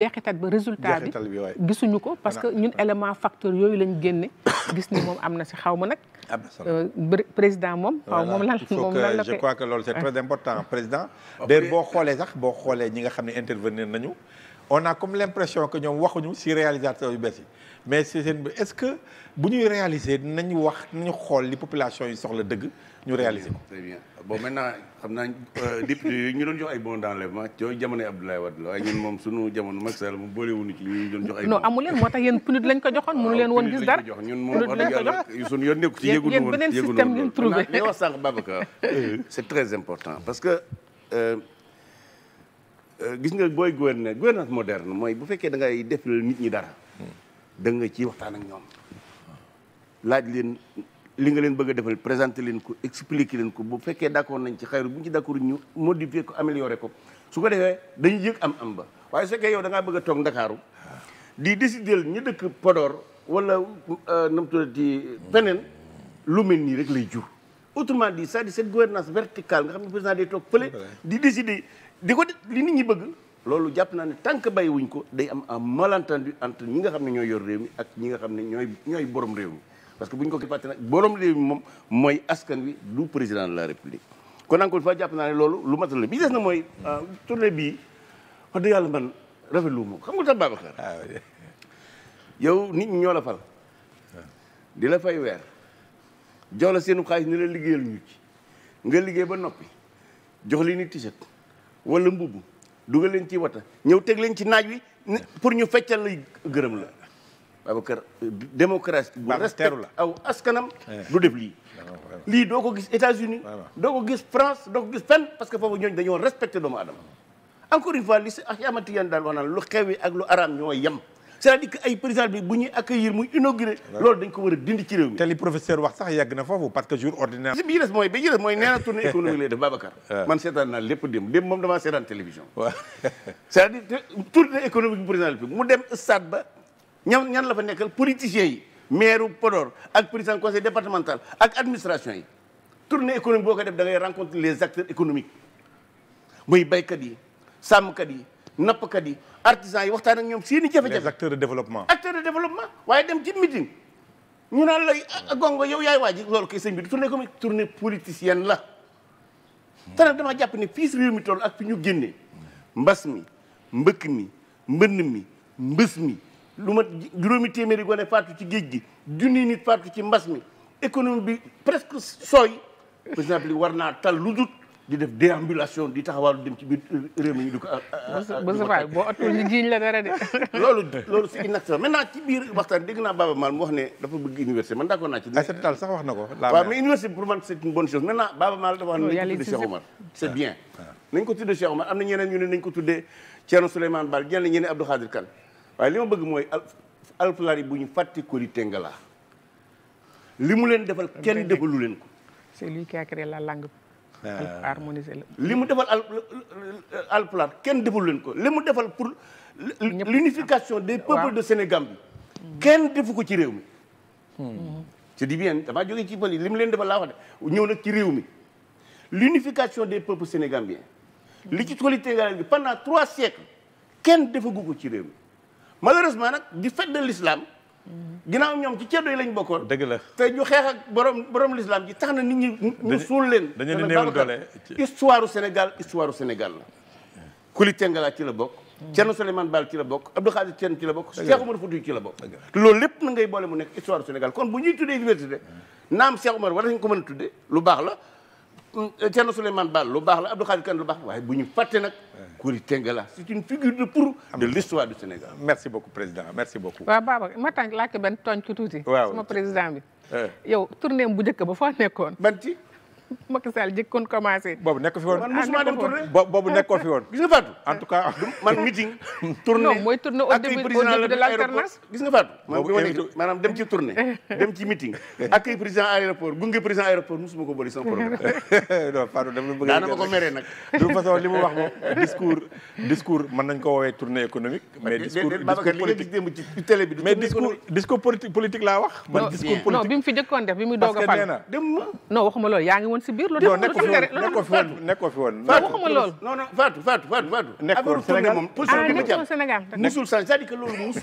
jeexital ba résultat bi gisuñu ko parce que ñun élément facteur yooyu lañ génne gis ni moom am na si xaw ma nag euh, président moom xaw moom lan moom je crois que loolu c'est très important président d'ailleurs boo xoolee sax boo xoolee ñi nga xam ne intervenir nañu on a comme l'impression que ñoom waxuñu ci réalisateur yu bees yi mais ci seen est-ce que bu ñuy réaliser nañu wax nañu xool li population yi soxla dëgg ñu réaliser ko. très bien bon xam naa euh, député yooyu ñu doon jox ay bon d'enlèvement yooyu jamonoy Abdoulaye Wade la waaye ñun moom sunu jamono Macky Sall mu boolewuñu ci ñu doon jox ay. non amu leen moo tax yéen punit lañ ko joxoon ah, mënu leen woon gis dara. ñun moom wax dëgg yàlla sunu yoon nekku ci yëgul important parce que. Euh, Euh, gis nga booy gouverner gouvernance moderne mooy bu fekkee dangay def def nit ñi dara da nga ciy waxtaan ak ñoom laaj leen li nga leen bëgg a defal présenter leen ko expliquer leen ko bu fekkee d'accord nañ ci xayru bu ñu ci d'accord ñu modifier ko améliorer ko su ko defee dañu yëg am am ba waaye su fekkee yow da ngaa bëgg toog ndakaaru di décider ñu dëkk podoor wala euh, nam tuddati feneen lu mel nii rek lay jur autrement dit c'est-à-dire cette gouvernance verticale nga xam ne président day toog fële di di ko li nit ñi bëgg loolu jàpp naa ne tant que bàyyi wuñ ko day am un malentendu entre ñi nga xam ne ñooy yor réew mi ak ñi nga xam ne ñooy ñooy borom réew mi que bu ñu ko ki fàtte nag borom réew mi moom mooy askan wi du président la république kon encore une fois jàpp naa ne loolu lu matal la bi des na mooy euh, tournée bii wax dëgg yàlla man rafetlu moom xam nga tax Babacar ah, yow nit ñi ñoo la fal ah. di la fay weer jox la seenu xaalis ni la liggéeyal ñu ci nga liggéey ba noppi jox li nit t wala mbubb dugal leen ci wata ñëw teg leen ci naaj wi pour ñu feccal lay gërëm la Babacar démocratie bu la aw askanam eh. du def lii lii doo ko gis États-Unis doo ko gis France doo ko gis fenn parce que foofu ñooñu dañoo respecté doomu adama encore une fois li si Ahmed Tidiane daal wax naan lu xewi ak lu araam ñoo yem c'est-à-dire que ay président bi bu ñuy accueillir muy inauguré loolu dañ ko war a dindi ci réew mi te li professeur wax sax yàgg na foofu parce que jour ordinaire bi yi mooy bi yi des mooy nee na tournée économique lay def Babacar ah. man seetaan naa lépp démb démb moom tournée économique bi mu dem stade ba ñan ñan la fa nekkal politiciens yi maire Podor ak président conseil départemental ak administration yi tournée économique boo ko def da ngay rencontrer les acteurs économiques muy baykat yi sàmmkat yi nappkat yi artisans yi waxtaan ak ñoom seen i jafe-jafe. les acteurs de développement. acteurs de développement waaye dem ci meeting ñu naan lay ah, gongo yow yaay waa ji loolu kay sëñ bi du tournée comme tournée politicienne la. te nag damaa jàpp ne fii si réew mi toll ak fi ñu génnee mbas mi mbëkk mi mbënn mi mbës mi lu mat juróomi téeméeri gone faatu ci géej gi junni nit faatu ci mbas mi économie bi presque sooy président bi war naa tal lu dut di def déambulation di taxawaalu dem ci biir réew mi di ko. Moustapha boo atul ñu jiiñ la dara de. loolu loolu c'est inacceptable maintenant ci biir waxtaan dégg naa Baba Maal mu wax ne dafa bëgg université man d'accord naa ci. Aïssata Tall sax wax na ko. waaw mais université pour man c'est une bonne chose maintenant Baba Maal dafa wax ne nañ ko tuddee Cheikh Omar. c'est ah. bien ah. nañ ko tuddee Cheikh Omar am na ñeneen ñu ne nañ ko tuddee Thierno Souleymane Baal ñeneen ñu ne Abdou Khadir Kane waaye li ma bëgg mooy alpulaar li mu leen defal kenn defalu leen ko. c'est lui qui a créé Euh, harmoniser la. li mu defal al alpulaar kenn deful leen ko li mu defal pour. l'unification des peuples de Sénégambie bi. kenn defu ko ci réew mi. Hmm. je dis tamaa damaa ci pël yi li mu leen defal laa wax de ñëw nag ci réew mi. l'unification des peuples sénégambiens li ci collectivité bi pendant trois siècles kenn defagu ko ci réew mi malheureusement nag du fait de l'islam ginnaaw ñoom ci ceddo yi lañ bokkoon. dëgg la te ñu xeex ak borom borom l'islam ji tax na nit ñi. ñu suul leen. dañu ne néewul doole histoire u Sénégal histoire u Sénégal la. Kuli Tengala ci la bokk. Thierno Souleymane Baal ci la bokk Abdou Khadir Thiam ci la bokk. dëgg la Cheikh Oumar Foutiyou ci la bokk. loolu lépp na ngay boole mu nekk histoire u Sénégal kon bu ñuy tuddee université. naam Cheikh Oumar war nañ ko mën a tuddee lu baax la. Euh, Thierno Souleymane Baal lu baax la Abdou Khadir Kane lu baax la waaye bu ñu fàtte nag Kori Tengala c'est une figure de proue de l'histoire du Sénégal merci beaucoup président merci beaucoup waaw Baba ma tànk laajte benn tooñ ci tuuti waaw sama président bi yow tournée bu njëkk ba fa nekkoon ban ti ma Sall jëkkoon commencé. boobu nekk ah, fi woon gis nga Fatou en tout cas man meeting. tournée non président aéroport gunge président aéroport mosuma ko bëri sans problème. non Fatou ko meree nag. de façon li mu wax moom discours discours mën nañ ko woowee tournée économique. mais discours discours politique ci télé bi. discours politique laa wax. man discours politique non bi mu fi jëkkoon def bi mu doog a. parce que nee na dem woon si biir. lu tax lu tere lu tax nekkoo fi woon. Fatou waxuma loolu. non non Fatou Fatou Fatou. nekkoon Sénégal